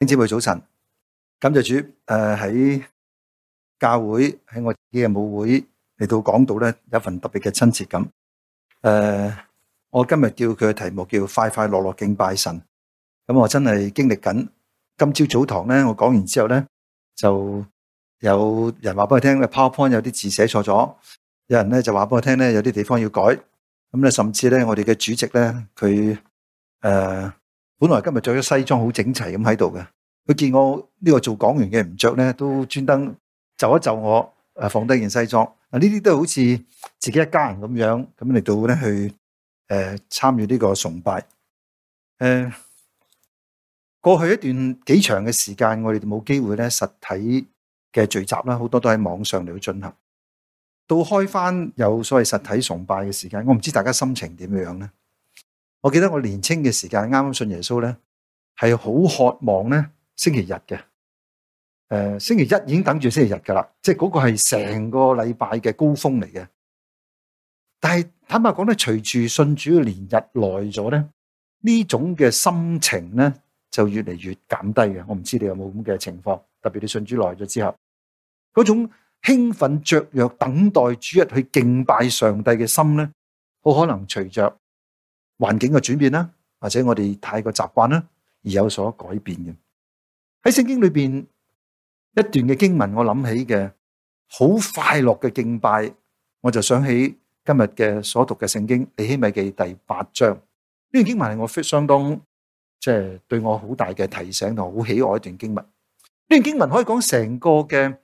弟兄姊妹早晨，感謝主誒喺、呃、教會喺我自己嘅母會嚟到講到咧有一份特別嘅親切感。誒、呃，我今日叫佢嘅題目叫快快樂樂敬拜神。咁、嗯、我真係經歷緊，今朝早，早堂咧，我講完之後咧就有人話俾我聽，PowerPoint 有啲字寫錯咗，有人咧就話俾我聽咧，有啲地方要改。咁、嗯、咧甚至咧，我哋嘅主席咧，佢誒。呃本來今日着咗西裝好整齊咁喺度嘅，佢見我呢個做講員嘅唔着咧，都專登就一就我誒，放低件西裝啊。呢啲都好似自己一家人咁樣咁嚟到咧去誒、呃、參與呢個崇拜誒、呃。過去一段幾長嘅時間，我哋冇機會咧實體嘅聚集啦，好多都喺網上嚟去進行。到開翻有所謂實體崇拜嘅時間，我唔知大家心情點樣咧。我記得我年青嘅時間，啱啱信耶穌咧，係好渴望咧星期日嘅，誒、呃、星期一已經等住星期日噶啦，即係嗰個係成個禮拜嘅高峰嚟嘅。但係坦白講咧，隨住信主年日耐咗咧，呢種嘅心情咧就越嚟越減低嘅。我唔知你有冇咁嘅情況，特別你信主耐咗之後，嗰種興奮雀躍、等待主日去敬拜上帝嘅心咧，好可能隨着。環境嘅轉變啦，或者我哋太過習慣啦，而有所改變嘅。喺聖經裏邊一段嘅經文，我諗起嘅好快樂嘅敬拜，我就想起今日嘅所讀嘅聖經，尼希米記第八章呢段經文，係我相當即係、就是、對我好大嘅提醒同好喜愛一段經文。呢段經文可以講成個嘅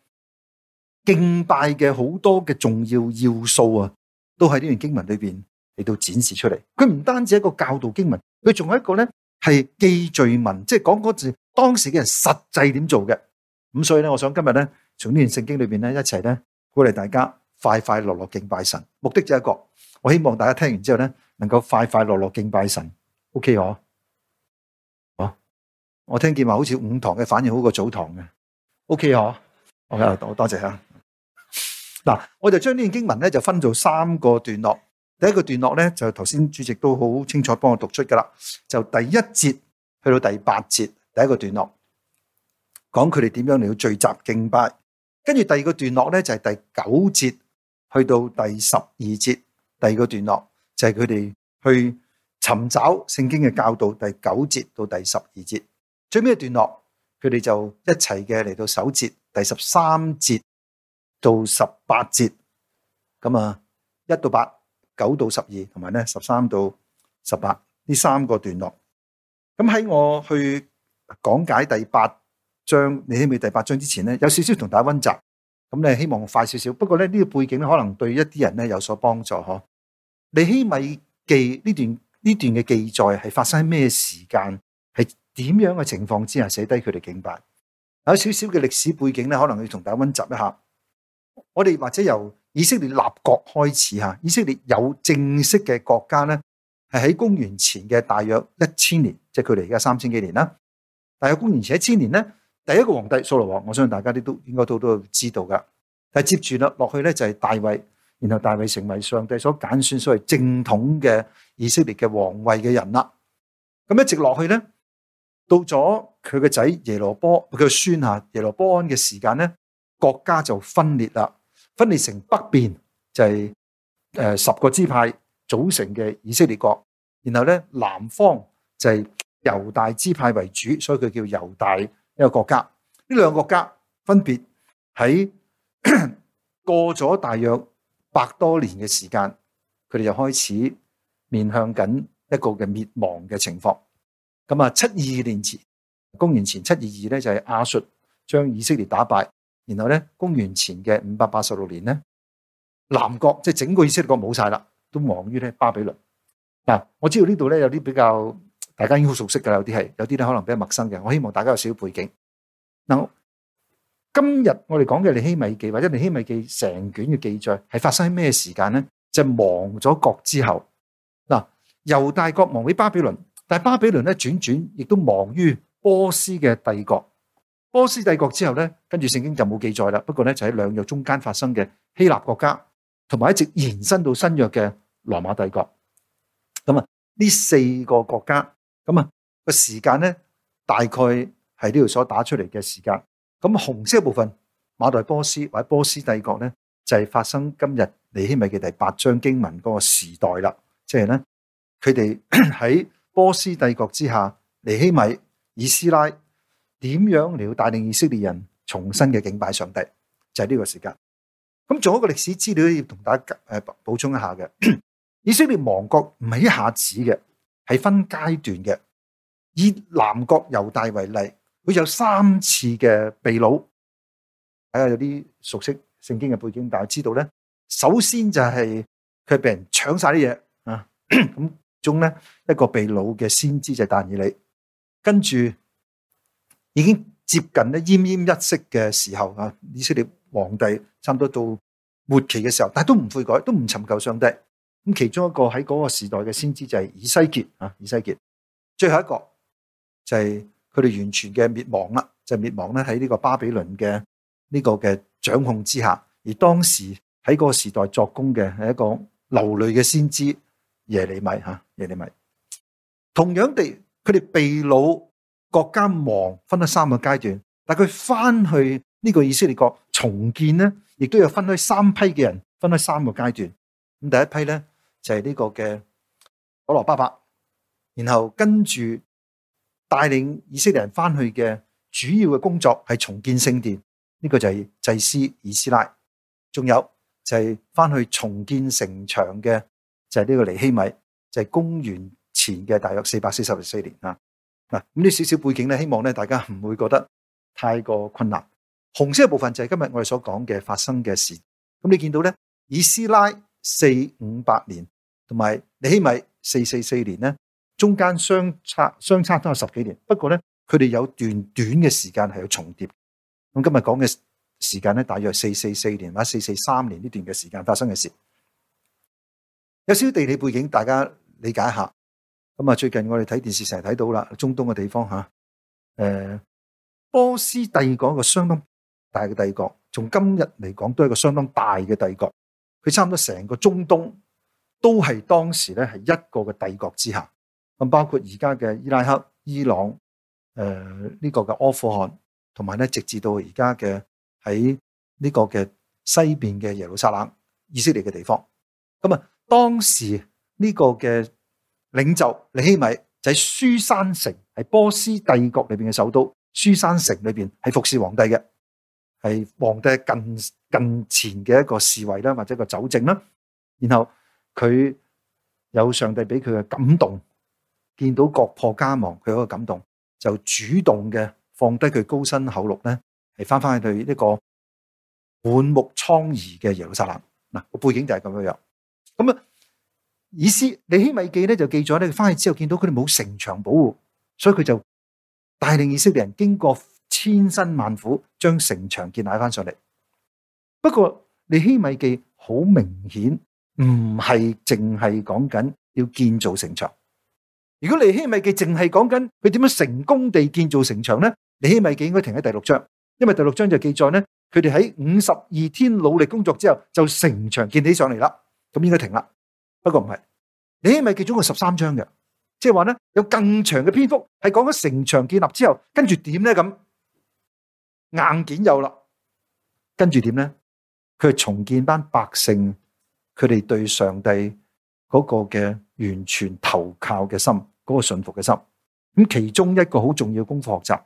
敬拜嘅好多嘅重要要素啊，都喺呢段經文裏邊。嚟到展示出嚟，佢唔單止一個教導經文，佢仲係一個咧係記敘文，即係講嗰時當時嘅人實際點做嘅。咁所以咧，我想今日咧，從呢段聖經裏邊咧，一齊咧鼓勵大家快快樂樂敬拜神。目的就有一個，我希望大家聽完之後咧，能夠快快樂樂敬拜神。O K，嗬，哦，我聽見話好似午堂嘅反應好過早堂嘅。O K，嗬，好啊，多多謝吓。嗱，我就將呢段經文咧就分做三個段落。第一個段落咧，就頭先主席都好清楚幫我讀出噶啦，就第一節去到第八節，第一個段落講佢哋點樣嚟到聚集敬拜，跟住第二個段落咧就係第九節去到第十二節，第二個段落就係佢哋去尋找聖經嘅教導，第九節到第十二節，最尾段落佢哋就一齊嘅嚟到首節第十三節到十八節，咁啊一到八。九到十二，同埋咧，十三到十八呢三個段落。咁喺我去講解第八章，尼希米第八章之前咧，有少少同大家溫習。咁咧，希望快少少。不過咧，呢個背景可能對一啲人咧有所幫助嗬。尼希米記呢段呢段嘅記載係發生喺咩時間？係點樣嘅情況之下寫低佢哋警白？有少少嘅歷史背景咧，可能要同大家溫習一下。我哋或者由。以色列立國開始吓，以色列有正式嘅國家咧，係喺公元前嘅大約一千年，即係距離而家三千幾年啦。大約公元前一千年咧，第一個皇帝掃羅王，我相信大家都都應該都都知道噶。但係接住啦，落去咧就係大衛，然後大衛成為上帝所揀選所謂正統嘅以色列嘅皇位嘅人啦。咁一直落去咧，到咗佢個仔耶羅波佢個孫吓耶羅波安嘅時間咧，國家就分裂啦。分裂成北邊就係誒十個支派組成嘅以色列國，然後咧南方就係猶大支派為主，所以佢叫猶大一個國家。呢兩個國家分別喺過咗大約百多年嘅時間，佢哋就開始面向緊一個嘅滅亡嘅情況。咁啊，七二年前，公元前七二二咧就係亞述將以色列打敗。然後咧，公元前嘅五百八十六年咧，南國即係整個以色列國冇晒啦，都亡於咧巴比倫。嗱、嗯，我知道呢度咧有啲比較大家已經好熟悉噶啦，有啲係，有啲咧可能比較陌生嘅。我希望大家有少少背景。嗱、嗯，今日我哋講嘅《尼希米記》或者《尼希米記》成卷嘅記載，係發生喺咩時間咧？就係、亡咗國之後。嗱、嗯，猶大國亡喺巴比倫，但係巴比倫咧轉轉亦都亡於波斯嘅帝國。波斯帝國之後咧，跟住聖經就冇記載啦。不過咧，就喺兩約中間發生嘅希臘國家，同埋一直延伸到新約嘅羅馬帝國。咁啊，呢四個國家，咁啊個時間咧，大概係呢度所打出嚟嘅時間。咁紅色的部分，馬代波斯或者波斯帝國咧，就係發生今日尼希米嘅第八章經文嗰個時代啦。即係咧，佢哋喺波斯帝國之下，尼希米、以斯拉。點樣嚟到帶領以色列人重新嘅敬拜上帝，就係呢個時間。咁仲有一個歷史資料要同大家誒補充一下嘅， 以色列亡國唔係一下子嘅，係分階段嘅。以南國猶大為例，會有三次嘅被擄。睇下有啲熟悉聖經嘅背景，但大家知道咧。首先就係佢被人搶晒啲嘢啊，咁 中咧一個被擄嘅先知就係但以理，跟住。已經接近咧奄奄一息嘅時候啊，以色列皇帝差唔多到末期嘅時候，但係都唔悔改，都唔尋求上帝。咁其中一個喺嗰個時代嘅先知就係以西結啊，以西結。最後一個就係佢哋完全嘅滅亡啦，就係滅亡咧喺呢個巴比倫嘅呢個嘅掌控之下。而當時喺嗰個時代作工嘅係一個流淚嘅先知耶利米吓，耶利米，耶利米同樣地，佢哋被擄。國家亡分咗三個階段，但佢翻去呢個以色列國重建呢，亦都有分開三批嘅人，分開三個階段。咁第一批呢，就係呢個嘅所羅巴伯，然後跟住帶領以色列人翻去嘅主要嘅工作係重建聖殿，呢、這個就係祭司以斯拉，仲有就係翻去重建城牆嘅就係呢個尼希米，就係、是、公元前嘅大約四百四十四年啊。嗱，咁呢少少背景咧，希望咧大家唔會覺得太過困難。紅色嘅部分就係今日我哋所講嘅發生嘅事。咁你見到咧，以斯拉四五百年，同埋尼希米四四四年咧，中間相差相差都有十幾年。不過咧，佢哋有段短嘅時間係有重疊。咁今日講嘅時間咧，大約係四四四年或者四四三年呢段嘅時間發生嘅事。有少少地理背景，大家理解下。咁啊！最近我哋睇電視成日睇到啦，中東嘅地方吓，誒，波斯帝國是一個相當大嘅帝國，從今日嚟講都係一個相當大嘅帝國。佢差唔多成個中東都係當時咧係一個嘅帝國之下，咁包括而家嘅伊拉克、伊朗，誒、呃、呢、這個嘅阿富汗，同埋咧直至到而家嘅喺呢個嘅西邊嘅耶路撒冷、以色列嘅地方。咁啊，當時呢個嘅。領袖尼希米就喺書珊城，係波斯帝國裏邊嘅首都。書珊城裏邊係服侍皇帝，嘅，係皇帝近近前嘅一個侍衛啦，或者一個酒政啦。然後佢有上帝俾佢嘅感動，見到國破家亡，佢一個感動就主動嘅放低佢高薪厚祿咧，係翻翻去對呢個滿目瘡痍嘅耶路撒冷。嗱個背景就係咁樣樣，咁啊。意思，尼希米記咧就記咗咧，翻去之後見到佢哋冇城牆保護，所以佢就帶領以色列人經過千辛萬苦，將城牆建起翻上嚟。不過尼希米記好明顯唔係淨係講緊要建造城牆。如果尼希米記淨係講緊佢點樣成功地建造城牆咧，尼希米記應該停喺第六章，因為第六章就記載咧，佢哋喺五十二天努力工作之後，就城牆建起上嚟啦，咁應該停啦。不過唔係，你係咪其中嘅十三章嘅，即係話咧有更長嘅篇幅係講咗城牆建立之後，跟住點咧咁？硬件有啦，跟住點咧？佢係重建返百姓，佢哋對上帝嗰個嘅完全投靠嘅心，嗰、嗰個信服嘅心。咁其中一個好重要的功課學習，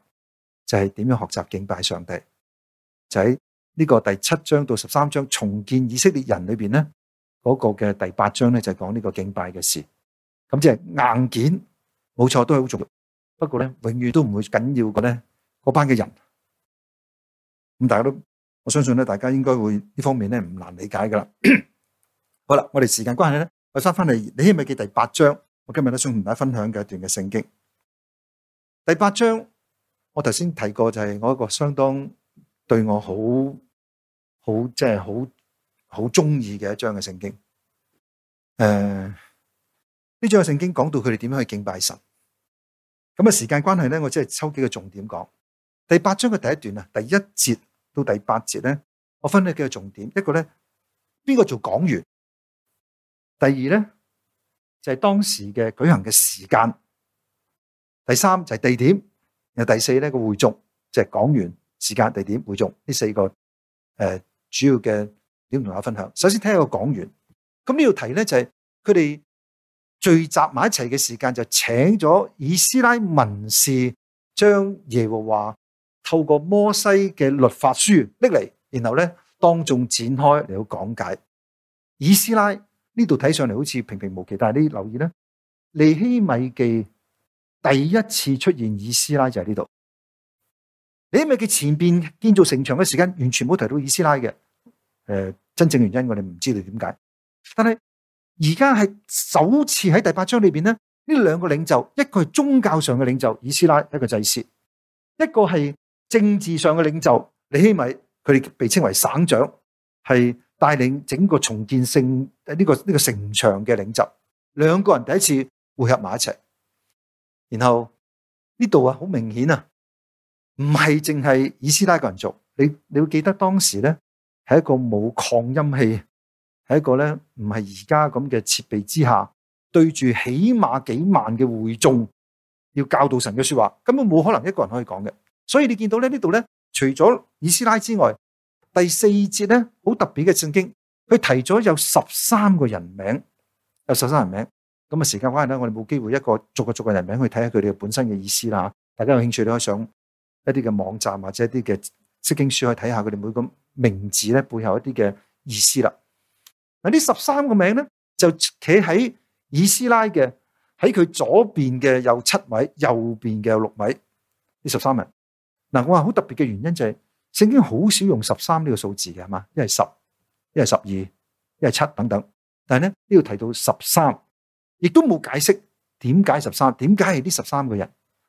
就係點樣學習敬拜上帝。就喺呢個第七章到十三章重建以色列人裏邊咧。嗰個嘅第八章咧就係講呢個敬拜嘅事，咁即係硬件冇錯都係好重要，不過咧永遠都唔會緊要過咧嗰班嘅人，咁大家都我相信咧大家應該會呢方面咧唔難理解噶啦。好啦，我哋時間關係咧，我翻翻嚟你係咪記第八章？我今日都想同大家分享嘅一段嘅聖經。第八章我頭先提過就係我一個相當對我好好即係好。好中意嘅一章嘅聖經，誒呢章嘅聖經講到佢哋點樣去敬拜神，咁啊時間關係咧，我只係抽幾個重點講。第八章嘅第一段啊，第一節到第八節咧，我分咗幾個重點。一個咧邊個做講員，第二咧就係當時嘅舉行嘅時間，第三就係地點，然後第四咧個會眾，就係講員、時間、地點、會眾呢四個誒、呃、主要嘅。點同大家分享？首先聽一個講完，咁呢條題咧就係佢哋聚集埋一齊嘅時間，就請咗以斯拉文士將耶和華透過摩西嘅律法書拎嚟，然後咧當眾展開嚟到講解。以斯拉呢度睇上嚟好似平平無奇，但係你留意咧，尼希米記第一次出現以斯拉就喺呢度。尼希米記前邊建造城牆嘅時間完全冇提到以斯拉嘅。誒，真正原因我哋唔知道點解，但係而家係首次喺第八章裏邊咧，呢兩個領袖，一個係宗教上嘅領袖以斯拉，一個祭司；一個係政治上嘅領袖尼希米，佢哋被稱為省長，係帶領整個重建聖呢、呢個呢、呢個城牆嘅領袖。兩個人第一次匯合埋一齊，然後呢度啊，好明顯啊，唔係淨係以斯拉個人做，你你會記得當時咧。係一個冇擴音器，係一個咧唔係而家咁嘅設備之下，對住起碼幾萬嘅會眾，要教導神嘅說話，根本冇可能一個人可以講嘅。所以你見到咧呢度咧，除咗以斯拉之外，第四節咧好特別嘅聖經，佢提咗有十三個人名，有十三人名。咁啊，時間關係咧，我哋冇機會一個逐個逐個人名去睇下佢哋嘅本身嘅意思啦。大家有興趣都可以上一啲嘅網站或者一啲嘅。聖經書去睇下佢哋每個名字咧背後一啲嘅意思啦。嗱，呢十三個名咧就企喺以斯拉嘅，喺佢左邊嘅有七位，右邊嘅有六位，呢十三人。嗱，我話好特別嘅原因就係聖經好少用十三呢個數字嘅係嘛，一係十，一係十二，一係七等等。但係咧呢度提到十三，亦都冇解釋點解十三，點解係呢十三個人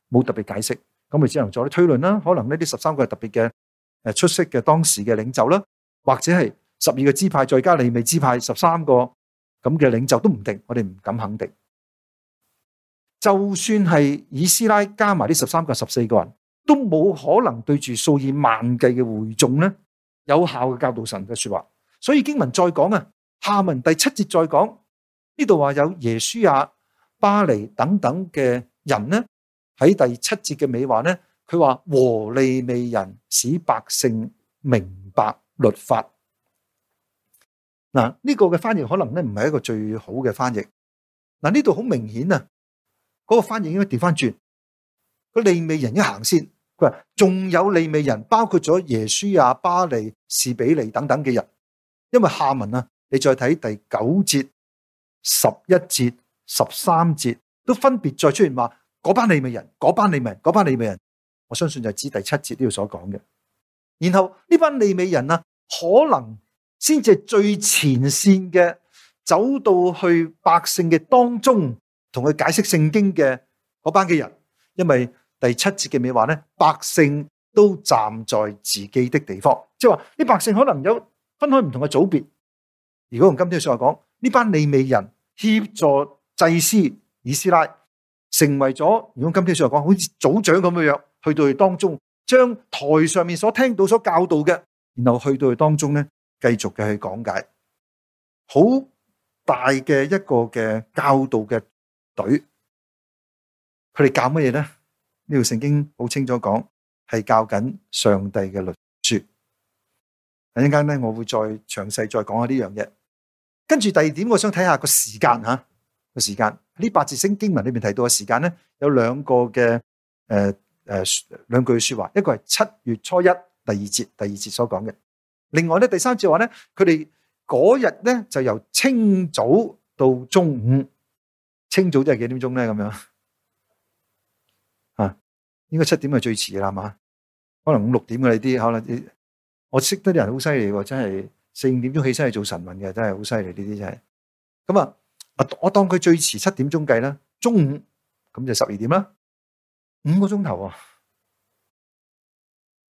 冇特別解釋，咁咪只能做啲推論啦。可能呢啲十三個係特別嘅。誒，出色嘅當時嘅領袖啦，或者係十二個支派，再加利未支派十三個咁嘅領袖都唔定，我哋唔敢肯定。就算係以斯拉加埋呢十三個、十四個人，都冇可能對住數以萬計嘅會眾咧，有效嘅教導神嘅說話。所以經文再講啊，下文第七節再講，呢度話有耶穌啊、巴尼等等嘅人呢，喺第七節嘅尾話呢。佢話和利未人使百姓明白律法。嗱、這、呢個嘅翻譯可能咧唔係一個最好嘅翻譯。嗱呢度好明顯啊，嗰、那個翻譯應該調翻轉。個利未人一行先。佢話仲有利未人，包括咗耶穌啊、巴利、士比利等等嘅人。因為下文啊，你再睇第九節、十一節、十三節，都分別再出現話嗰班利未人、嗰班利未人、嗰班利未人。我相信就係指第七節呢度所講嘅，然後呢班利未人啊，可能先至係最前線嘅，走到去百姓嘅當中，同佢解釋聖經嘅嗰班嘅人，因為第七節嘅美話咧，百姓都站在自己的地方，即係話呢，百姓可能有分開唔同嘅組別。如果用今天嘅說話講，呢班利未人協助祭司以斯拉，成為咗，如果用今天嘅說話講，好似組長咁嘅樣。去到佢當中，將台上面所聽到、所教導嘅，然後去到佢當中咧，繼續嘅去講解，好大嘅一個嘅教導嘅隊。佢哋教乜嘢咧？呢度聖經好清楚講，係教緊上帝嘅律書。等陣間咧，我會再詳細再講一下呢樣嘢。跟住第二點，我想睇下個時間吓個時間。呢八節經文裏面提到嘅時間咧，有兩個嘅誒。呃誒，兩句說話，一個係七月初一第二節，第二節所講嘅。另外咧，第三節話咧，佢哋嗰日咧就由清早到中午，清早即係幾點鐘咧？咁樣啊，應該七點係最遲啦嘛，可能五六點嘅呢啲可能。我識得啲人好犀利，真係四五點鐘起身去做晨運嘅，真係好犀利呢啲真係。咁啊，我我當佢最遲七點鐘計啦，中午咁就十二點啦。五個鐘頭啊！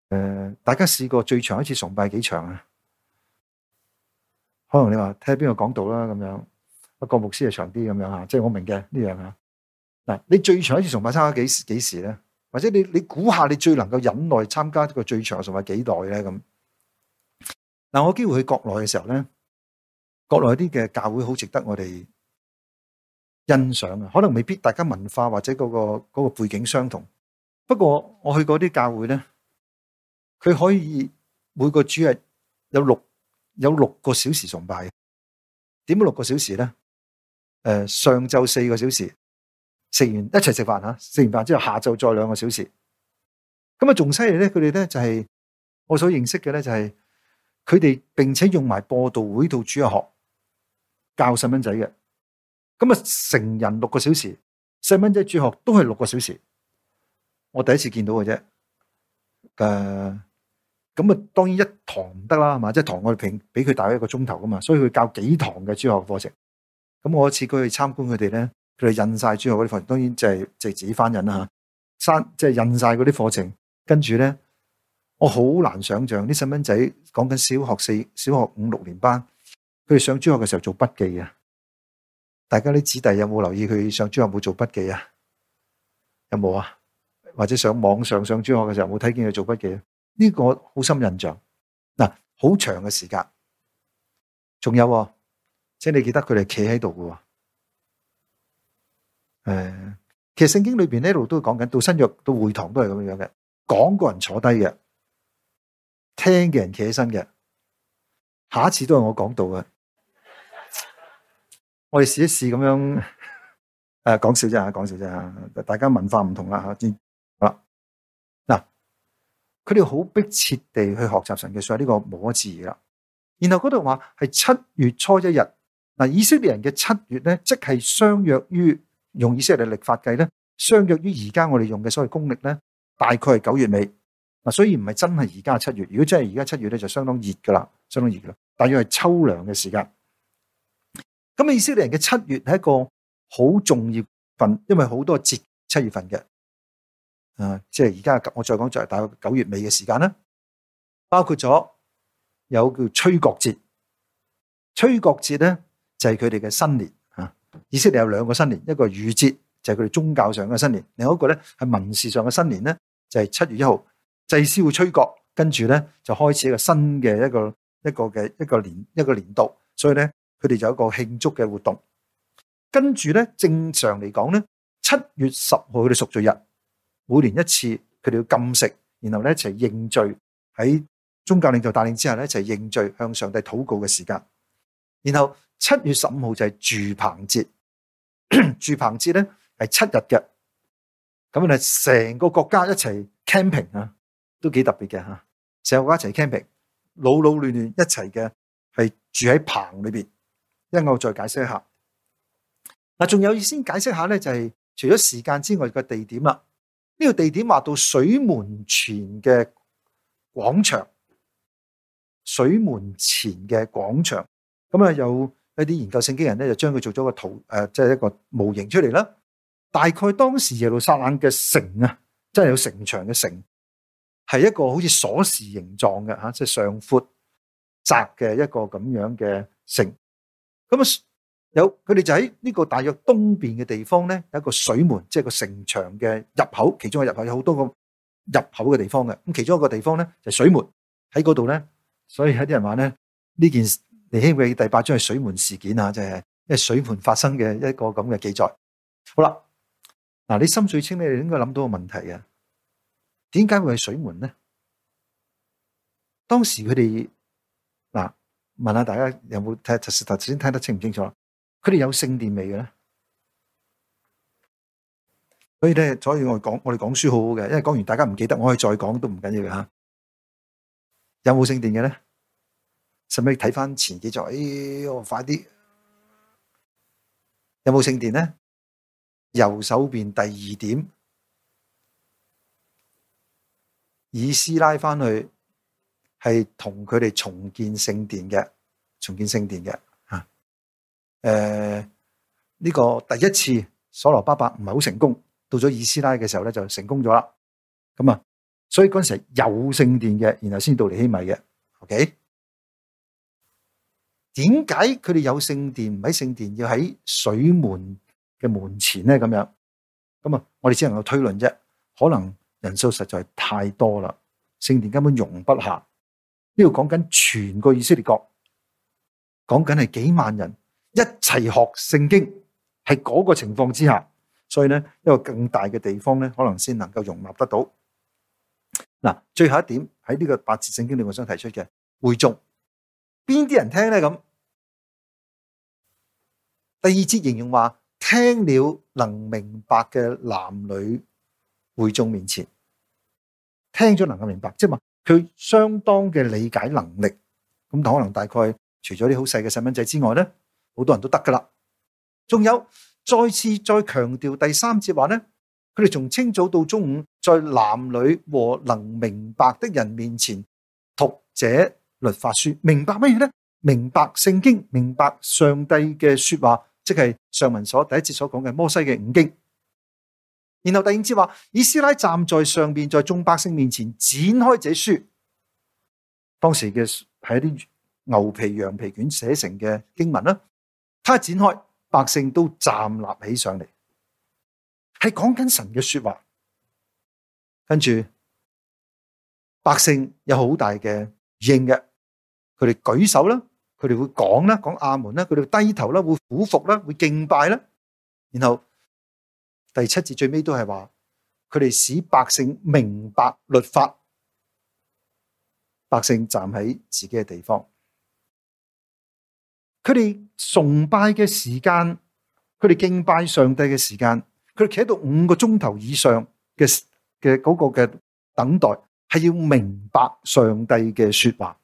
誒、呃，大家試過最長一次崇拜幾長啊？可能你話聽邊個講到啦咁樣，一個牧師係長啲咁樣吓，即係我明嘅呢樣吓。嗱，你最長一次崇拜參加幾幾時咧？或者你你估下你最能夠忍耐參加這個最長崇拜幾耐咧？咁嗱，但我有機會去國內嘅時候咧，國內啲嘅教會好值得我哋。欣賞啊，可能未必大家文化或者嗰、嗰個嗰個背景相同。不過我去過啲教會咧，佢可以每個主日有六有六個小時崇拜。點解六個小時咧？誒、呃，上晝四個小時，食完一齊食飯吓，食完飯之後下晝再兩個小時。咁啊，仲犀利咧！佢哋咧就係我所認識嘅咧、就係，就係佢哋並且用埋播道會度主日學教細蚊仔嘅。咁啊，成人六個小時，細蚊仔住學都係六個小時，我第一次見到嘅啫。誒、呃，咁啊，當然一堂唔得啦，係嘛，一堂我哋平俾佢大一個鐘頭噶嘛，所以佢教幾堂嘅住學課程。咁我一次去參觀佢哋咧，佢哋印晒住學嗰啲課程，當然就係即係自己翻印啦吓，山即係印晒嗰啲課程，跟住咧，我好難想象啲細蚊仔講緊小學四、小學五、六年班，佢哋上住學嘅時候做筆記啊。大家啲子弟有冇留意佢上中學冇做筆記啊？有冇啊？或者上網上上中學嘅時候冇睇見佢做筆記？呢個我好深印象。嗱，好長嘅時間，仲有，請你記得佢哋企喺度嘅。誒，其實聖經裏邊一路都講緊，到新約到會堂都係咁樣嘅，講個人坐低嘅，聽嘅人企起身嘅，下一次都係我講到嘅。我哋試一試咁樣，誒、啊，講笑啫吓，講笑啫吓，大家文化唔同啦吓。先好啦，嗱，佢哋好迫切地去學習神嘅，所以呢個摩字啦。然後嗰度話係七月初一日，嗱，以色列人嘅七月咧，即係相約於用以色列嘅曆法計咧，相約於而家我哋用嘅所謂公曆咧，大概係九月尾。嗱，所以唔係真係而家七月。如果真係而家七月咧，就相當熱噶啦，相當熱噶啦，大約係秋涼嘅時間。咁以色列人嘅七月係一個好重要份，因為好多節七月份嘅，啊，即係而家我再講就係大概九月尾嘅時間啦，包括咗有叫吹角節，吹角節咧就係佢哋嘅新年啊。以色列有兩個新年，一個雨節就係佢哋宗教上嘅新年，另外一個咧係民事上嘅新年咧就係、是、七月一號，祭司會吹角，跟住咧就開始一個新嘅一個一個嘅一個年一個年度，所以咧。佢哋就有一個慶祝嘅活動，跟住咧正常嚟講咧，七月十號佢哋贖罪日，每年一次，佢哋要禁食，然後咧一齊認罪，喺宗教領袖帶領之下咧一齊認罪，向上帝禱告嘅時間。然後七月十五號就係住棚節，住棚節咧係七日嘅，咁啊成個國家一齊 camping 啊，都幾特別嘅吓，成個國家一齊 camping，老老嫩嫩一齊嘅係住喺棚裏邊。因我再解釋一下，嗱，仲有意先解釋一下咧，就係除咗時間之外嘅地點啦。呢個地點話到水門前嘅廣場，水門前嘅廣場，咁啊有一啲研究聖經嘅人咧，就將佢做咗個圖誒，即係一個模型出嚟啦。大概當時耶路撒冷嘅城啊，真係有城牆嘅城，係一個好似鎖匙形狀嘅吓，即係上闊窄嘅一個咁樣嘅城。咁啊，有佢哋就喺呢個大約東邊嘅地方咧，有一個水門，即係個城牆嘅入口，其中嘅入口有好多個入口嘅地方嘅。咁其中一個地方咧就係水門喺嗰度咧，所以有啲人話咧，呢件尼希米記第八章係水門事件啊，就係因為水門發生嘅一個咁嘅記載。好啦，嗱，你心水清咧，你應該諗到個問題嘅，點解會係水門咧？當時佢哋嗱。問下大家有冇聽？頭頭先聽得清唔清楚？佢哋有聖殿未嘅咧？所以咧，所以我哋講我哋講書好好嘅，因為講完大家唔記得，我可以再講都唔緊要嚇。有冇聖殿嘅咧？使唔使睇翻前幾集？哎唷，快啲！有冇聖殿咧？右手邊第二點，以斯拉翻去。係同佢哋重建聖殿嘅，重建聖殿嘅，啊，誒、呃，呢、這個第一次所羅巴伯唔係好成功，到咗以斯拉嘅時候咧就成功咗啦。咁啊，所以嗰陣時候有聖殿嘅，然後先到嚟希米嘅。O K，點解佢哋有聖殿唔喺聖殿，要喺水門嘅門前咧？咁樣，咁啊，我哋只能夠推論啫，可能人數實在太多啦，聖殿根本容不下。呢度講緊全個以色列國，講緊係幾萬人一齊學聖經，係嗰個情況之下，所以咧一個更大嘅地方咧，可能先能夠容納得到。嗱，最後一點喺呢個八字聖經裏，我想提出嘅會眾邊啲人聽咧咁？第二節形容話聽了能明白嘅男女會眾面前，聽咗能夠明白，即係問。佢相當嘅理解能力，咁可能大概除咗啲好細嘅細蚊仔之外咧，好多人都得噶啦。仲有再次再強調第三節話咧，佢哋從清早到中午，在男女和能明白的人面前讀這律法書，明白乜嘢咧？明白聖經，明白上帝嘅說話，即係上文所第一節所講嘅摩西嘅五經。然後突然之話，以斯拉站在上邊，在眾百姓面前展開這書，當時嘅係一啲牛皮、羊皮卷寫成嘅經文啦。他展開，百姓都站立起上嚟，係講緊神嘅說話。跟住，百姓有好大嘅應嘅，佢哋舉手啦，佢哋會講啦，講阿門啦，佢哋低頭啦，會俯伏啦，會敬拜啦，然後。第七節最尾都係話，佢哋使百姓明白律法，百姓站喺自己嘅地方。佢哋崇拜嘅時間，佢哋敬拜上帝嘅時間，佢哋企喺度五個鐘頭以上嘅嘅嗰個嘅等待，係要明白上帝嘅說話。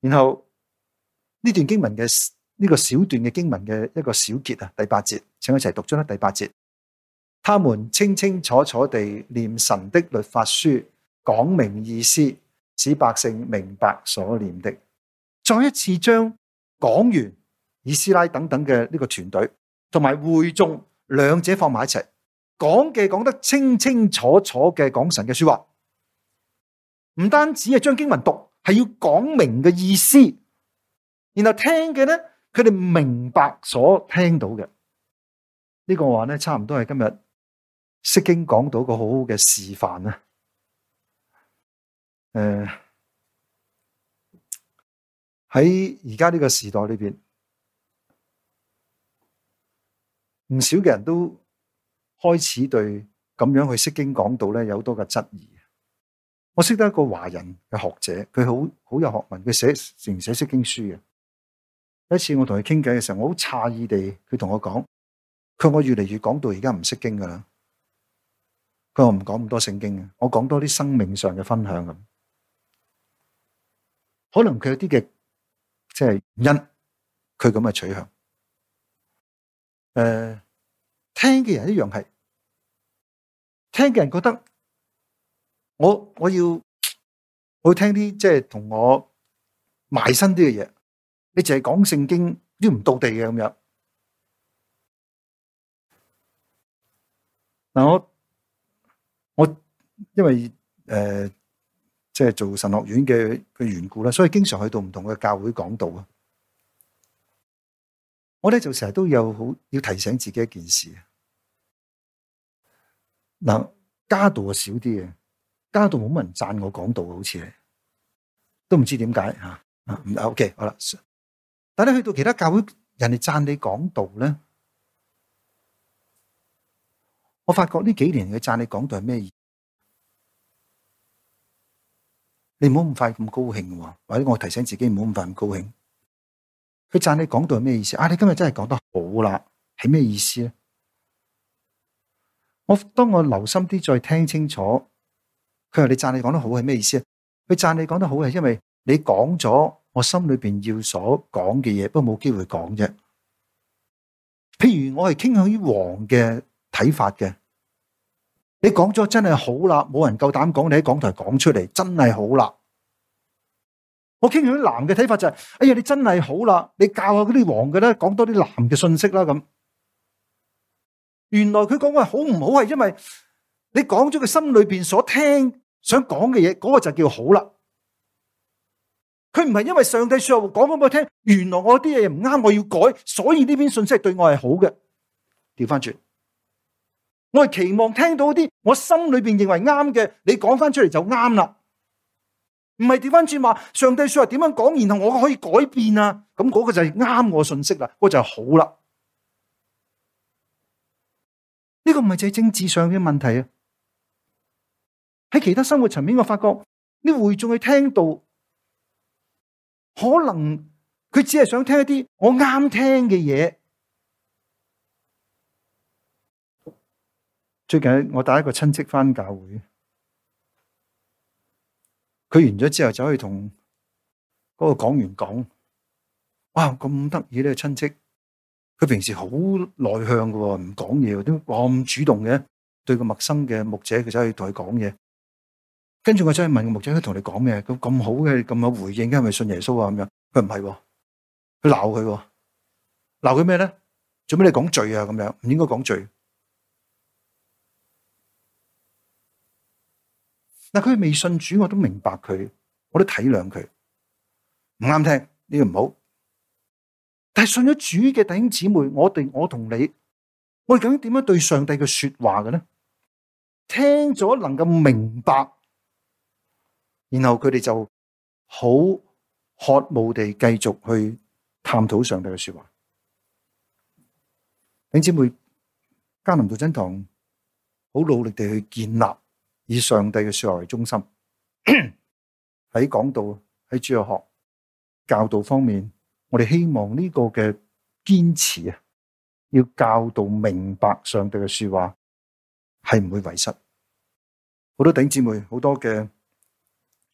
然後呢段經文嘅。呢個小段嘅經文嘅一個小結啊，第八節，請一齊讀咗啦。第八節，他們清清楚楚地念神的律法書，講明意思，使百姓明白所念的。再一次將講員以斯拉等等嘅呢個團隊同埋會眾兩者放埋一齊，講嘅講得清清楚楚嘅，講神嘅說話，唔單止係，將經文讀係要講明嘅意思，然後聽嘅呢。佢哋明白所聽到嘅呢、這個話咧，差唔多係今日《釋經》講道一個好好嘅示範啦。誒喺而家呢個時代裏邊，唔少嘅人都開始對咁樣去《釋經》講道咧有好多嘅質疑。我識得一個華人嘅學者，佢好好有學問，佢寫成寫《釋經書》書嘅。一次我同佢傾偈嘅時候，我好詫異地佢同我講，佢我越嚟越講到而家唔識經噶啦。佢話我唔講咁多聖經啊，我講多啲生命上嘅分享咁。可能佢有啲嘅即係原因，佢咁嘅取向。誒，聽嘅人一樣係，聽嘅人覺得我我要我聽啲即係同我埋身啲嘅嘢。你淨係講聖經都唔到地嘅，咁樣嗱，我我因為誒，即係做神學院嘅嘅緣故啦，所以經常去到唔同嘅教會講道啊。我咧就成日都有好要提醒自己一件事，嗱，家道少啲嘅，家道冇乜人讚我講道好似都唔知點解吓。唔、嗯啊、OK，好啦。但係去到其他教會，人哋讚你講道咧，我發覺呢幾年佢讚你講道係咩意思？你唔好咁快咁高興，或者我提醒自己唔好咁快咁高興。佢讚你講道係咩意思？啊，你今日真係講得好啦，係咩意思咧？我當我留心啲，再聽清楚。佢話你讚你講得好係咩意思啊？佢讚你講得好係因為你講咗。我心裏邊要所講嘅嘢，不過冇機會講啫。譬如我係傾向於黃嘅睇法嘅，你講咗真係好啦，冇人夠膽講你喺講台講出嚟，真係好啦。我傾向啲男嘅睇法就係，哎呀，你真係好啦，你教下嗰啲黃嘅啦，講多啲男嘅信息啦咁。原來佢講話好唔好係因為你講咗佢心裏邊所聽想講嘅嘢，嗰個就叫好啦。佢唔係因為上帝說話講翻俾我聽，原來我啲嘢唔啱，我要改，所以呢篇信息係對我係好嘅。調翻轉，我係期望聽到啲我心裏邊認為啱嘅，你講翻出嚟就啱啦。唔係調翻轉話，上帝說話點樣講，然後我可以改變啊？咁嗰個就係啱我信息啦，嗰就係好啦。呢個唔係就係政治上嘅問題啊！喺其他生活層面，我發覺你會仲去聽到。可能佢只係想聽一啲我啱聽嘅嘢。最近我帶一個親戚返教會，佢完咗之後走去同嗰個講員講，哇咁得意呢個親戚，佢平時好內向噶，唔講嘢，都咁主動嘅，對個陌生嘅牧者，佢走去同佢講嘢。跟住我真係問個牧者，佢同你講咩？咁咁好嘅，咁嘅回應，咁係咪信耶穌啊？咁樣。佢唔係，佢鬧佢。鬧佢咩咧？做咩你講罪啊？咁樣唔應該講罪。但，佢未信主，我都明白佢，我都體諒佢。唔啱聽，呢個唔好。但係信咗主嘅弟兄姊妹，我哋、我同你，我哋究竟點樣對上帝嘅說話嘅咧？聽咗能夠明白。然後佢哋就好渴慕地繼續去探討上帝嘅說話。弟兄姊妹，迦南道真堂好努力地去建立以上帝嘅說話為中心，喺講 道、喺主學、教導方面，我哋希望呢個嘅堅持啊，要教導明白上帝嘅說話，係唔會遺失。好多弟兄姊妹，好多嘅。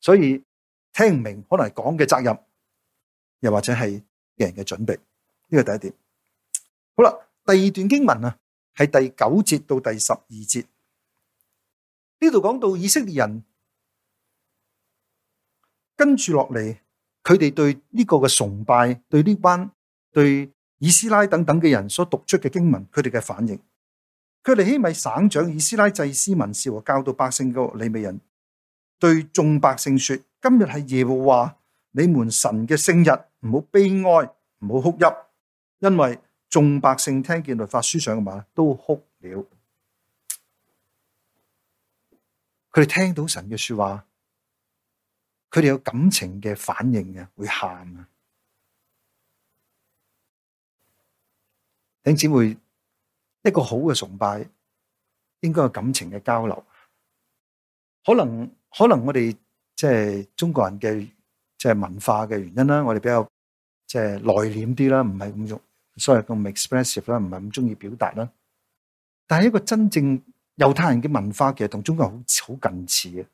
所以聽唔明可能係講嘅責任，又或者係人嘅準備，呢個第一點。好啦，第二段經文啊，係第九節到第十二節，呢度講到以色列人跟住落嚟，佢哋對呢個嘅崇拜，對呢班對以斯拉等等嘅人所讀出嘅經文，佢哋嘅反應。佢哋尼希米省長、以斯拉祭司文士和教導百姓嘅利未人。對眾百姓說：今日係耶和華你們神嘅聖日，唔好悲哀，唔好哭泣，因為眾百姓聽見律法書上嘅話，都哭了。佢哋聽到神嘅說話，佢哋有感情嘅反應嘅，會喊啊！弟兄姊妹，一個好嘅崇拜，應該有感情嘅交流。可能可能我哋即係中國人嘅即係文化嘅原因啦，我哋比較即係內斂啲啦，唔係咁用，所謂咁 expressive 啦，唔係咁中意表達啦。但係一個真正猶太人嘅文化，其實同中國好好近似嘅。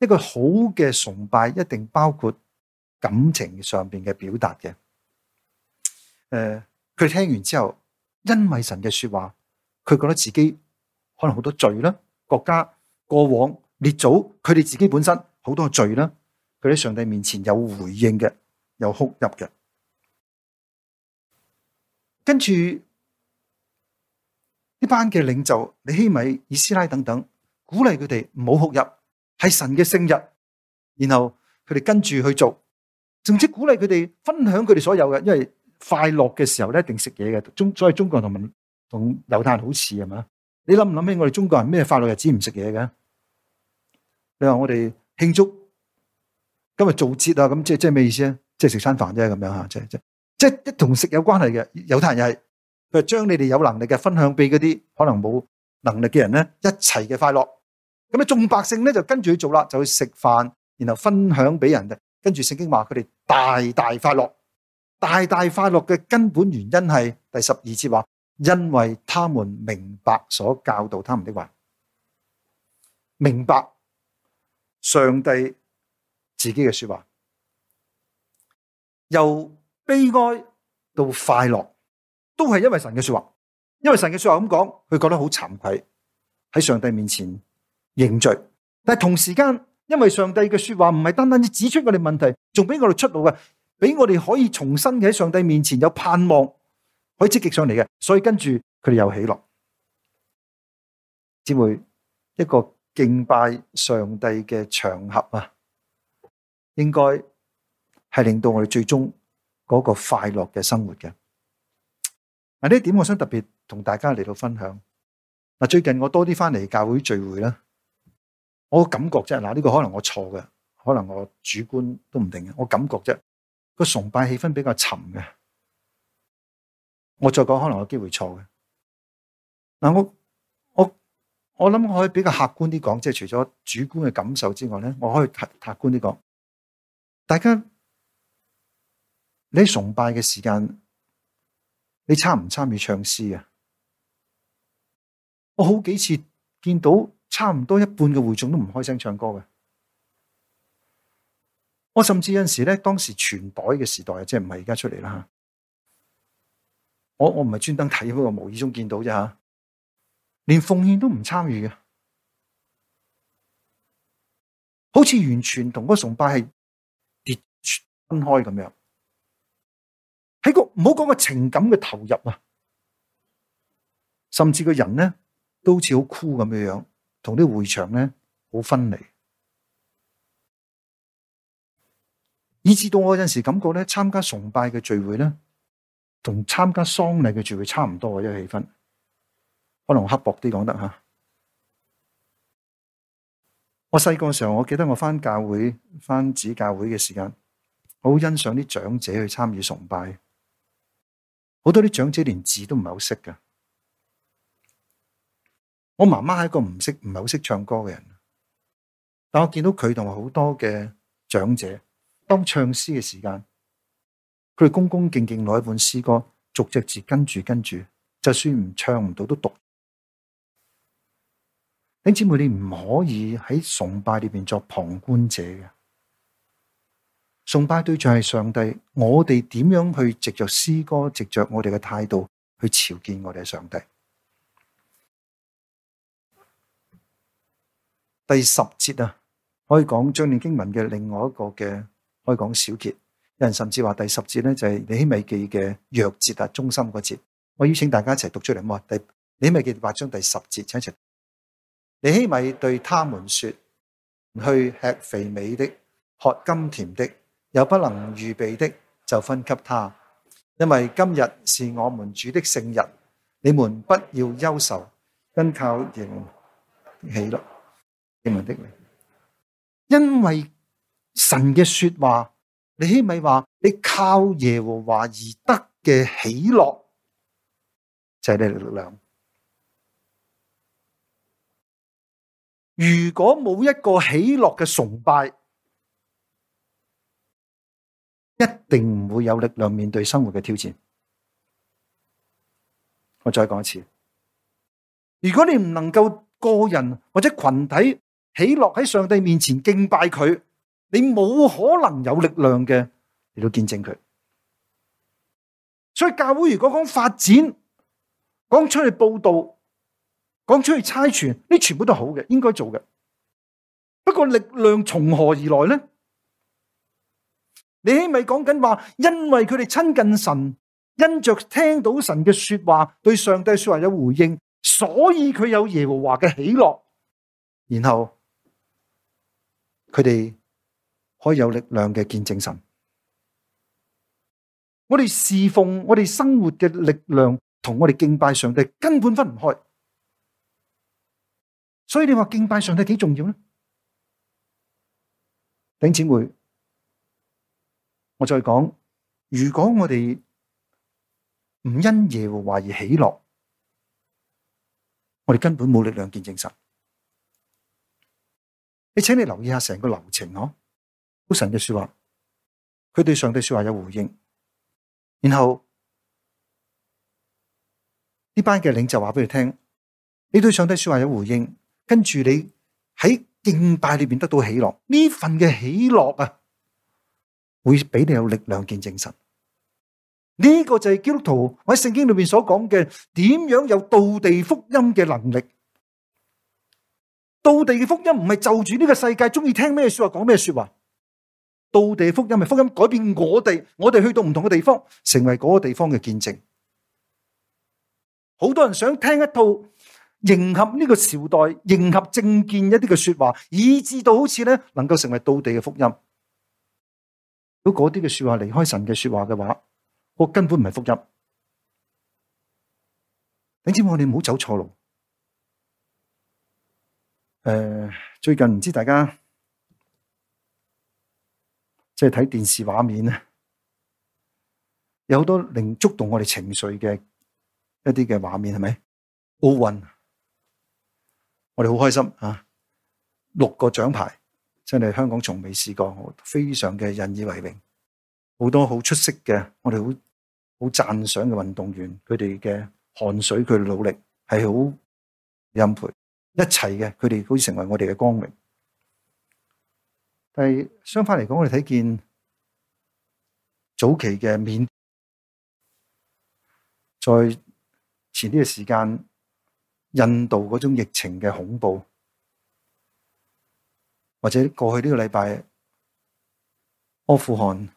一個好嘅崇拜一定包括感情上邊嘅表達嘅。誒、呃，佢聽完之後，因為神嘅說話，佢覺得自己可能好多罪啦，國家。過往列祖佢哋自己本身好多罪啦，佢喺上帝面前有回應嘅，有哭泣嘅。跟住呢班嘅領袖尼希米、以斯拉等等，鼓勵佢哋唔好哭泣，係神嘅聖日，然後佢哋跟住去做，甚至鼓勵佢哋分享佢哋所有嘅，因為快樂嘅時候咧，一定食嘢嘅。中所以中國和和人同同猶太人好似係嘛。你諗唔諗起我哋中國人咩快樂日子唔食嘢嘅？你話我哋慶祝今日做節啊，咁即係即係咩意思啊？即係食餐飯啫，咁樣吓，即係即即係同食有關係嘅。有太人又係佢將你哋有能力嘅，分享俾嗰啲可能冇能力嘅人咧，一齊嘅快樂。咁啊，眾百姓咧就跟住去做啦，就去食飯，然後分享俾人哋。跟住聖經話佢哋大大快樂，大大快樂嘅根本原因係第十二節話。因為他們明白所教導他們的話，明白上帝自己嘅說話，由悲哀到快樂，都係因為神嘅說話。因為神嘅說話咁講，佢覺得好慚愧喺上帝面前認罪。但同時間，因為上帝嘅說話唔係單單只指出我哋問題，仲俾我哋出路嘅，俾我哋可以重新喺上帝面前有盼望。可以積極上嚟嘅，所以跟住佢哋又起落，姊妹一個敬拜上帝嘅場合啊，應該係令到我哋最終嗰個快樂嘅生活嘅。嗱，呢點，我想特別同大家嚟到分享。嗱，最近我多啲翻嚟教會聚會啦，我感覺啫，嗱、這、呢個可能我錯嘅，可能我主觀都唔定嘅，我感覺啫，個崇拜氣氛比較沉嘅。我再講，可能有機會錯嘅。嗱，我我我諗我可以比較客觀啲講，即係除咗主觀嘅感受之外咧，我可以客客觀啲講。大家你崇拜嘅時間，你參唔參與唱詩啊？我好幾次見到差唔多一半嘅會眾都唔開聲唱歌嘅。我甚至有陣時咧，當時傳袋嘅時代啊，即係唔係而家出嚟啦吓。我我唔係專登睇佢，我無意中見到啫吓，連奉獻都唔參與嘅，好似完全同嗰崇拜係跌分開咁樣。喺個唔好講個情感嘅投入啊，甚至個人咧都好似好酷咁樣樣，同啲會場咧好分離，以至到我有陣時感覺咧參加崇拜嘅聚會咧。同參加喪禮嘅聚會差唔多嘅，一個氣氛可能刻薄啲講得吓。我細個嘅時候，我記得我翻教會、翻子教會嘅時間，好欣賞啲長者去參與崇拜。好多啲長者連字都唔係好識㗎。我媽媽係一個唔識、唔係好識唱歌嘅人，但我見到佢同好多嘅長者當唱詩嘅時間。佢哋恭恭敬敬攞一本詩歌，逐隻字跟住跟住，就算唔唱唔到都讀。弟兄姊妹，你唔可以喺崇拜裏邊作旁觀者嘅。崇拜對象係上帝，我哋點樣去藉着詩歌、藉着我哋嘅態度去朝見我哋嘅上帝。第十節啊，可以講將呢經文嘅另外一個嘅可以講小結。有人甚至話第十節咧就係尼希米記嘅鑰節啊，中心嗰節，我邀請大家一齊讀出嚟。唔好第尼希米記八章第十節，請一齊。尼希米對他們說：去吃肥美的，喝甘甜的，有不能預備的，就分給他。因為今日是我們主的聖日，你們不要憂愁，因靠贏喜樂。你們的，因為神嘅說話。尼希米話你靠耶和華而得嘅喜樂就係你的力量。如果冇一個喜樂嘅崇拜，一定唔會有力量面對生活嘅挑戰。我再講一次，如果你唔能夠個人或者群體喜樂喺上帝面前敬拜佢，你冇可能有力量嘅，你都見證佢，所以教會如果講發展、講出去報道、講出去差傳，呢全部都好嘅、應該做嘅。不過力量從何而來呢？你係咪講緊話？因為佢哋親近神，因着聽到神嘅說話，對上帝說話有回應，所以佢有耶和華嘅喜樂。然後佢哋。可以有力量嘅見證神，我哋侍奉、我哋生活嘅力量同我哋敬拜上帝根本分唔開，所以你話敬拜上帝幾重要呢？弟兄姊妹，我再講，如果我哋唔因耶和華而喜樂，我哋根本冇力量見證神。你請你留意下成個流程哦。聽神嘅說話，佢對上帝說話有回應，然後呢班嘅領袖話俾你聽：你對上帝說話有回應，跟住你喺敬拜裏邊得到喜樂，呢份嘅喜樂啊，會俾你有力量見證神。呢個就係基督徒喺聖經裏邊所講嘅點樣有道地福音嘅能力。道地嘅福音唔係就住呢個世界中意聽咩說話，講咩說話。道地福音係福音，改變我哋，我哋去到唔同嘅地方，成為嗰個地方嘅見證。好多人想聽一套迎合呢個朝代、迎合政見一啲嘅說話，以致到好似咧能夠成為道地嘅福音。如果嗰啲嘅說話離開神嘅說話嘅話，我根本唔係福音。你知唔知我哋唔好走錯路？誒，最近唔知大家。即係睇電視畫面咧，有好多令觸動我哋情緒嘅一啲嘅畫面，係咪？奧運，我哋好開心啊！六個獎牌，真係香港從未試過，我非常嘅引以為榮。好多好出色嘅，我哋好好讚賞嘅運動員，佢哋嘅汗水，佢嘅努力係好欽佩。一切嘅佢哋，他們好似成為我哋嘅光榮。但係相反嚟講，我哋睇見早期嘅面，在前啲嘅時間，印度嗰種疫情嘅恐怖，或者過去呢個禮拜，阿富汗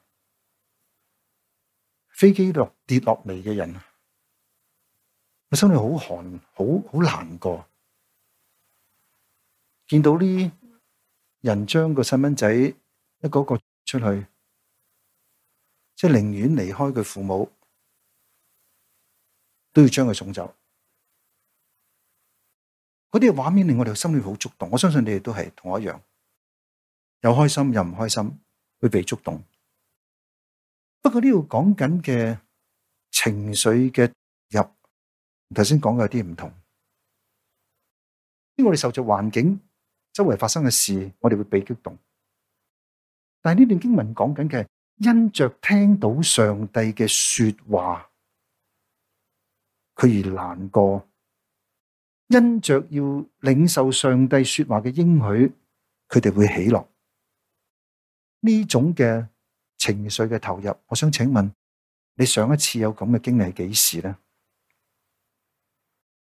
飛機落跌落嚟嘅人，我心裏好寒，好好難過，見到呢。人將個細蚊仔一個個出去，即係寧願離開佢父母，都要將佢送走。嗰啲畫面令我哋心裏好觸動，我相信你哋都係同我一樣，有開心又唔開心，會被觸動。不過呢度講緊嘅情緒嘅入，頭先講嘅有啲唔同，因為我哋受着環境。周圍發生嘅事，我哋會被激動。但係呢段經文講緊嘅，因着聽到上帝嘅說話，佢而難過；因着要領受上帝說話嘅應許，佢哋會喜樂。呢種嘅情緒嘅投入，我想請問你上一次有咁嘅經歷係幾時呢？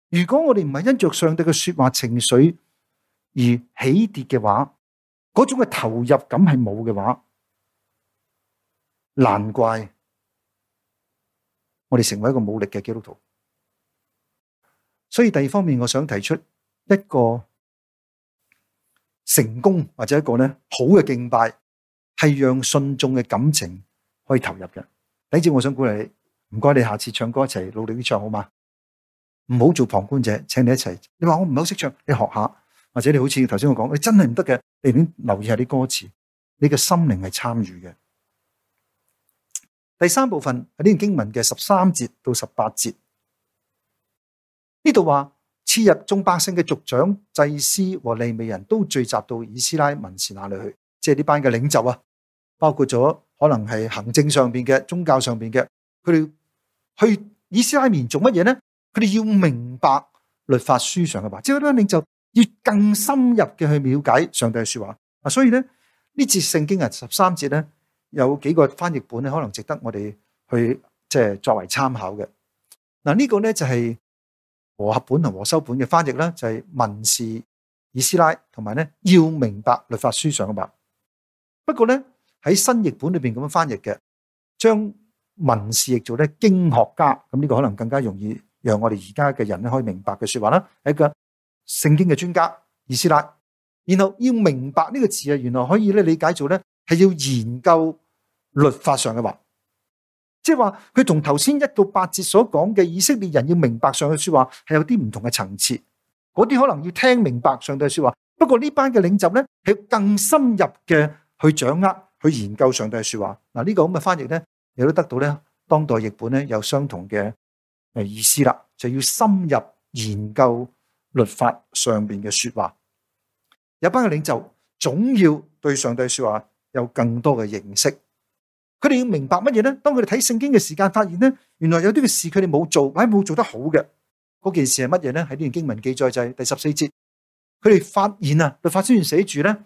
如果我哋唔係因着上帝嘅說話情緒，而起跌嘅話，嗰種嘅投入感係冇嘅話，難怪我哋成為一個武力嘅基督徒。所以第二方面，我想提出一個成功或者一個咧好嘅敬拜，係讓信眾嘅感情可以投入嘅。第一次我想鼓勵你，唔該你下次唱歌一齊努力啲唱好嗎？唔好做旁觀者，請你一齊。你話我唔好識唱，你學下。或者你好似頭先我講，你真係唔得嘅，你先留意下啲歌詞，你嘅心靈係參與嘅。第三部分係呢段經文嘅十三節到十八節，呢度話：次日，眾百姓嘅族長、祭司和利未人都聚集到以斯拉文士那裏去，即係呢班嘅領袖啊，包括咗可能係行政上邊嘅、宗教上邊嘅，佢哋去以斯拉面做乜嘢呢？佢哋要明白律法書上嘅話，即係呢班領袖。要更深入嘅去了解上帝嘅說話，啊，所以咧呢節聖經啊十三節咧有幾個翻譯本咧可能值得我哋去即係作為參考嘅。嗱，呢個咧就係和合本同和修本嘅翻譯啦，就係文士以斯拉同埋咧要明白律法書上嘅話。不過咧喺新譯本裏邊咁樣翻譯嘅，將文士譯做咧經學家，咁呢個可能更加容易讓我哋而家嘅人咧可以明白嘅說話啦，係一個。聖經嘅專家意思啦，然後要明白呢個詞啊，原來可以咧理解做咧係要研究律法上嘅話，即係話佢同頭先一到八節所講嘅以色列人要明白上帝說話係有啲唔同嘅層次，嗰啲可能要聽明白上帝說話，不過呢班嘅領袖咧係要更深入嘅去掌握去研究上帝嘅說話。嗱、這、呢個咁嘅翻譯咧，亦都得到咧當代譯本咧有相同嘅誒意思啦，就要深入研究。律法上邊嘅說話，有一班嘅領袖總要對上帝說話有更多嘅認識，佢哋要明白乜嘢咧？當佢哋睇聖經嘅時間，發現咧，原來有啲嘅事佢哋冇做，或者冇做得好嘅，嗰件事係乜嘢咧？喺呢段經文記載就係第十四節，佢哋發現啊，律法書上寫住咧，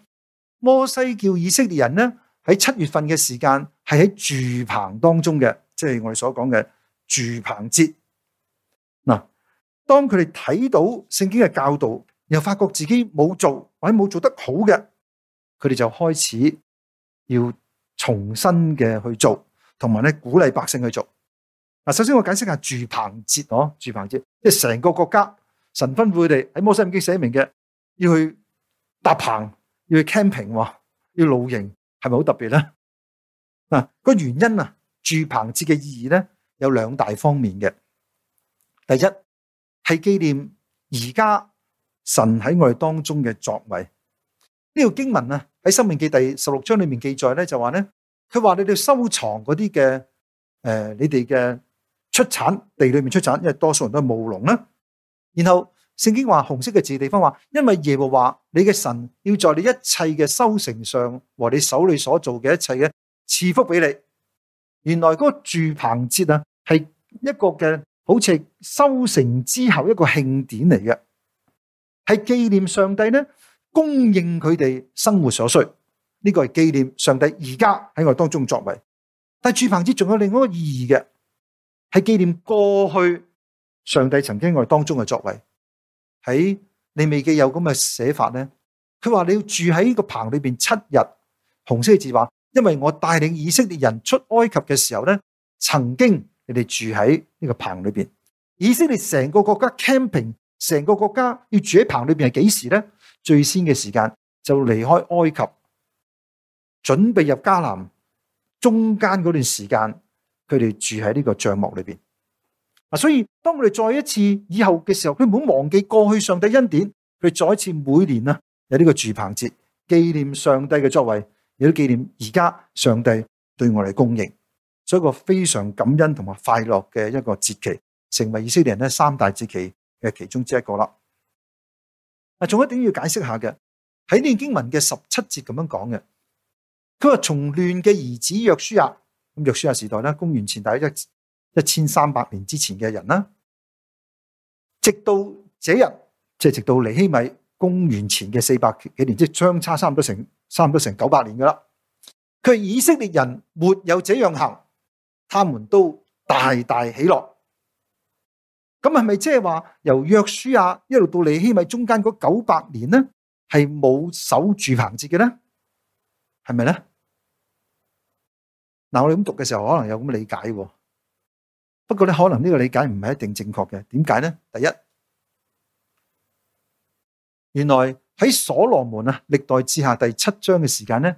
摩西叫以色列人咧喺七月份嘅時間係喺住棚當中嘅，即係我哋所講嘅住棚節。當佢哋睇到聖經嘅教導，又發覺自己冇做或者冇做得好嘅，佢哋就開始要重新嘅去做，同埋咧鼓勵百姓去做。嗱，首先我解釋下住棚節哦，住棚節即係成個國家神吩咐佢哋喺摩西五經寫明嘅，要去搭棚，要去 camping，要露營，係咪好特別咧？嗱，個原因啊，住棚節嘅意義咧有兩大方面嘅，第一。係紀念而家神喺我哋當中嘅作為。呢條經文啊，喺《申命記》第十六章裏面記載咧，就話咧，佢話你哋收藏嗰啲嘅，誒、呃，你哋嘅出產地裏面出產，因為多數人都係務農啦。然後聖經話紅色嘅字的地方話，因為耶和華你嘅神要在你一切嘅收成上和你手裏所做嘅一切嘅賜福俾你。原來嗰個住棚節啊，係一個嘅。好似係收成之後一個慶典嚟嘅，係紀念上帝咧供應佢哋生活所需。呢個係紀念上帝而家喺我當中的作為。但係住棚節仲有另外一個意義嘅，係紀念過去上帝曾經在我當中嘅作為。喺利未記有咁嘅寫法咧？佢話你要住喺個棚裏邊七日。紅色的字話，因為我帶領以色列人出埃及嘅時候咧，曾經。哋住喺呢個棚裏邊，以色列成個國家 camping，成個國家要住喺棚裏邊係幾時咧？最先嘅時間就離開埃及，準備入迦南，中間嗰段時間佢哋住喺呢個帳幕裏邊。啊，所以當我哋再一次以後嘅時候，佢唔好忘記過去上帝恩典，佢再一次每年啊有呢個住棚節，紀念上帝嘅作為，亦都紀念而家上帝對我哋供應，做一個非常感恩同埋快樂嘅一個節期，成為以色列人呢三大節期嘅其中之一個啦。啊，仲一點要解釋一下嘅，喺呢段經文嘅十七節咁樣講嘅，佢話從嫩嘅兒子約書亞咁約書亞時代啦，公元前大約一千三百年之前嘅人啦，直到這日，即係直到尼希米，公元前嘅四百幾年，即係相差差唔多成差唔多成九百年噶啦。佢以色列人沒有這樣行。他們都大大喜樂，咁係咪即係話由約書亞一路到尼希米中間嗰九百年呢？係冇守住棚節嘅呢？係咪呢？嗱，我哋咁讀嘅時候可能有咁理解，不過咧可能呢個理解唔係一定正確嘅。點解呢？第一，原來喺所羅門啊，歷代志下第七章嘅時間呢，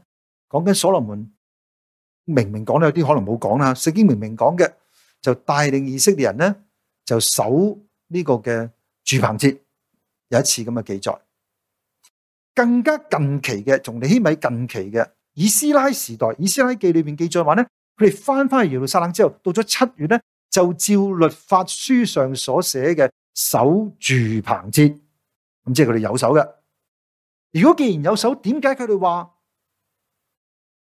講緊所羅門。明明講有啲可能冇講啦，聖經明明講嘅就帶領以色列人呢就守呢個嘅住棚節，有一次咁嘅記載。更加近期嘅，從尼希米近期嘅以斯拉時代，以斯拉記裏邊記載話呢，佢哋翻翻去耶路撒冷之後，到咗七月呢，就照律法書上所寫嘅守住棚節，咁即係佢哋有守嘅。如果既然有守，點解佢哋話？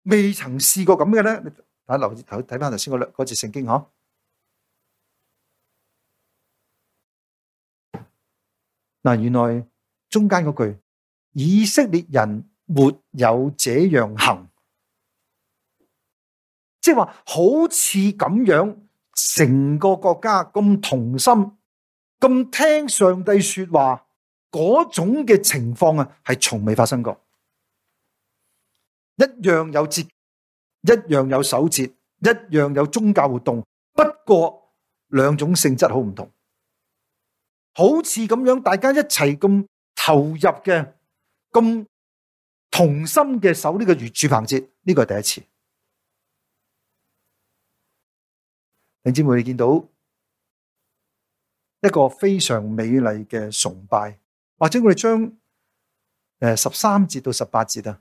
未曾試過咁嘅？咧，大家留意頭睇翻頭先嗰兩嗰節聖經嗬。嗱，原來中間嗰句以色列人沒有這樣行，即係話好似咁樣，成個國家咁同心，咁聽上帝說話嗰種嘅情況啊，係從未發生過。一樣有節，一樣有守節，一樣有宗教活動。不過兩種性質好唔同，好似咁樣，大家一齊咁投入嘅、咁同心嘅，守呢、這個住棚節，呢、這個係第一次。弟兄姊妹，你見到一個非常美麗嘅崇拜，或者我哋將十三節到十八節啊。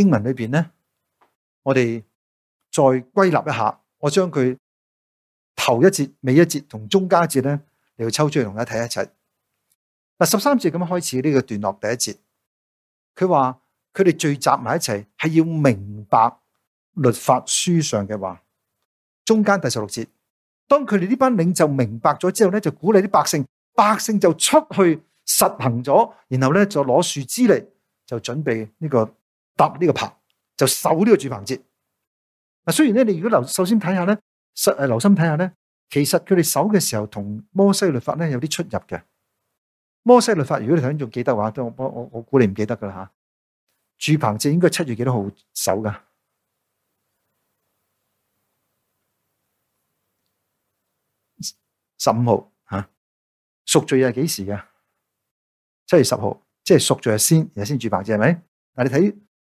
英文裏邊咧，我哋再歸納一下，我將佢頭一節、尾一節同中間一節咧，嚟到抽出嚟同大家睇一齊。嗱，十三節咁樣開始呢個段落第一節，佢話佢哋聚集埋一齊係要明白律法書上嘅話。中間第十六節，當佢哋呢班領袖明白咗之後咧，就鼓勵啲百姓，百姓就出去實行咗，然後咧就攞樹枝嚟就準備呢個。搭呢個棚就守呢個住棚節。嗱，雖然咧，你如果留首先睇下咧，實誒留心睇下咧，其實佢哋守嘅時候同摩西律法咧有啲出入嘅。摩西律法，如果你頭先仲記得話，都我我我估你唔記得噶啦吓。住棚節應該七月幾多號守噶？十五號吓，贖罪日又係幾時啊？七月十號，即係贖罪日先，日先住棚節係咪？嗱，你睇。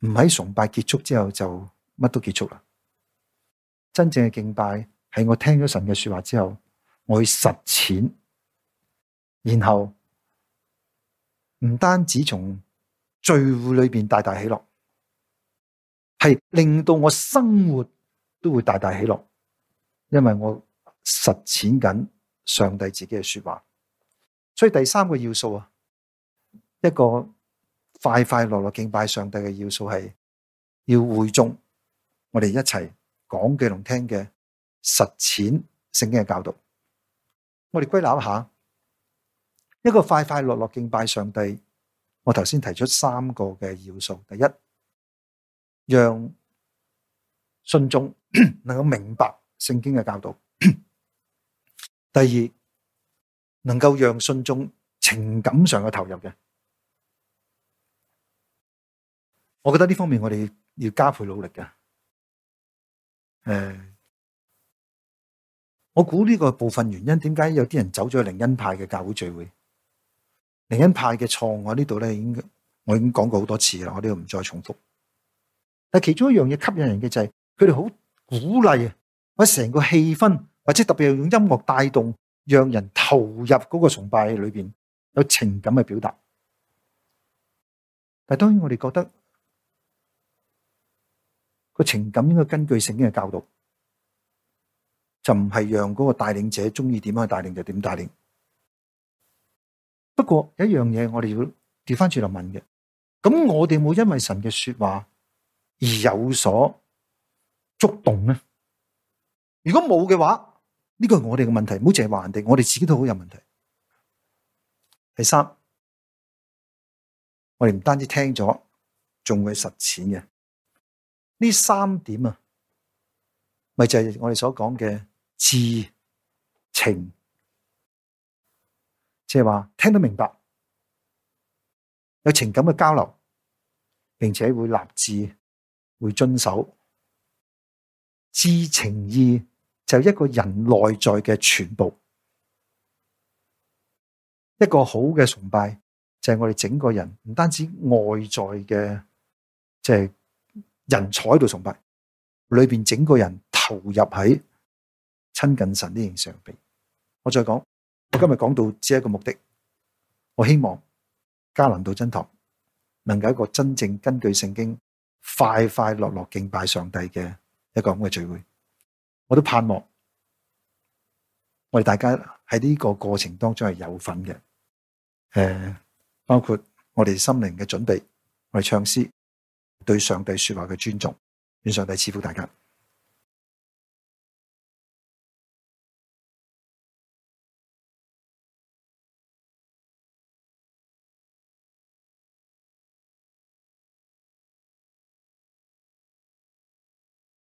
唔喺崇拜結束之後就乜都結束啦。真正嘅敬拜係我聽咗神嘅說話之後，我去實踐，然後唔單止從聚會裏邊大大喜樂，係令到我生活都會大大喜樂，因為我實踐緊上帝自己嘅說話。所以第三個要素啊，一個。快快樂樂敬拜上帝嘅要素係要會眾，我哋一齊講嘅同聽嘅實踐聖經嘅教導。我哋歸納一下，一個快快樂樂敬拜上帝，我頭先提出三個嘅要素：第一，讓信眾能夠明白聖經嘅教導；第二，能夠讓信眾情感上嘅投入嘅。我覺得呢方面我哋要加倍努力嘅。誒，我估呢個部分原因，點解有啲人走咗去靈恩派嘅教會聚會？靈恩派嘅錯誤，我呢度咧已經我已經講過好多次啦，我呢度唔再重複。但其中一樣嘢吸引人嘅就係，佢哋好鼓勵啊，或者成個氣氛，或者特別用音樂帶動，讓人投入嗰個崇拜裏邊有情感嘅表達。但當然我哋覺得。個情感應該根據聖經嘅教導，就唔係讓嗰個帶領者中意點樣帶領就點帶領。不過有一樣嘢，那我哋要調翻轉頭問嘅。咁我哋冇因為神嘅說話而有所觸動咧？如果冇嘅話，呢個係我哋嘅問題，唔好淨係話人哋，我哋自己都好有問題。第三，我哋唔單止聽咗，仲會實踐嘅。呢三點啊，咪就係我哋所講嘅知情，即係話聽得明白，有情感嘅交流，並且會立志，會遵守。知情意就係一個人內在嘅全部，一個好嘅崇拜就係我哋整個人，唔單止外在嘅，即係。人坐喺度崇拜，裏邊整個人投入喺親近神呢樣上面。我再講，我今日講到這一個目的，我希望迦南道真堂能夠一個真正根據聖經快快樂樂敬拜上帝嘅一個咁嘅聚會。我都盼望我哋大家喺呢個過程當中係有份嘅。誒，包括我哋心靈嘅準備，我哋唱詩。對上帝說話嘅尊重，願上帝賜福大家。